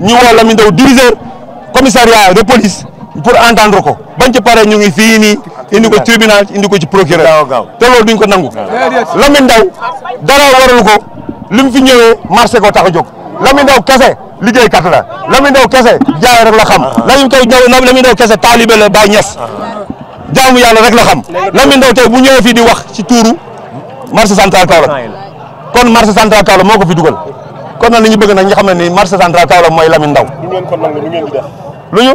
ñu wala Lamine ndaw dix heures commissariat de police pour entendre ko bañ ci paré ñu ngi fi ni indi ko tribunal indi ko ci procureur té loolu duñ ko nangu lami ndaw dara waral ko lim fi ñëwé marché ko taxu jog lami ndaw kessé liggéey kat la lami ndaw kessé jaay rek la xam Lamine koy ñëw lami ndaw kessé talibé la Baye ñess jaamu yalla rek la xam lami ndaw tey bu ñëwé fi di wax ci touru marché central Kaolack kon marché central Kaolack moko fi duggal kon nag li ñu bëgg na ñu xam ne ni marché central Kaolack mooy Lamine Ndao lu ñu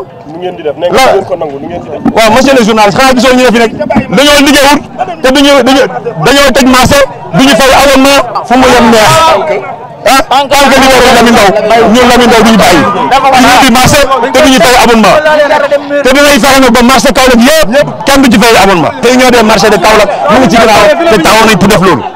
waaw monsieur le journaliste xanaa gisoo ñu ne fi nekk dañoo liggéeyut te duñu duñu dañoo tëj marché duñu fay abonnement fu mu yem neex ah tant que liggéey Lamine Ndao ñun Lamine Ndao duñu bàyyi duñu ubbi te duñu fay abonnement te dinañ fexe nag ba marché kenn du ci fay abonnement te ñoo dee marché de Kaolack mu ngi ci ginnaaw te taxaw nañ pour def loolu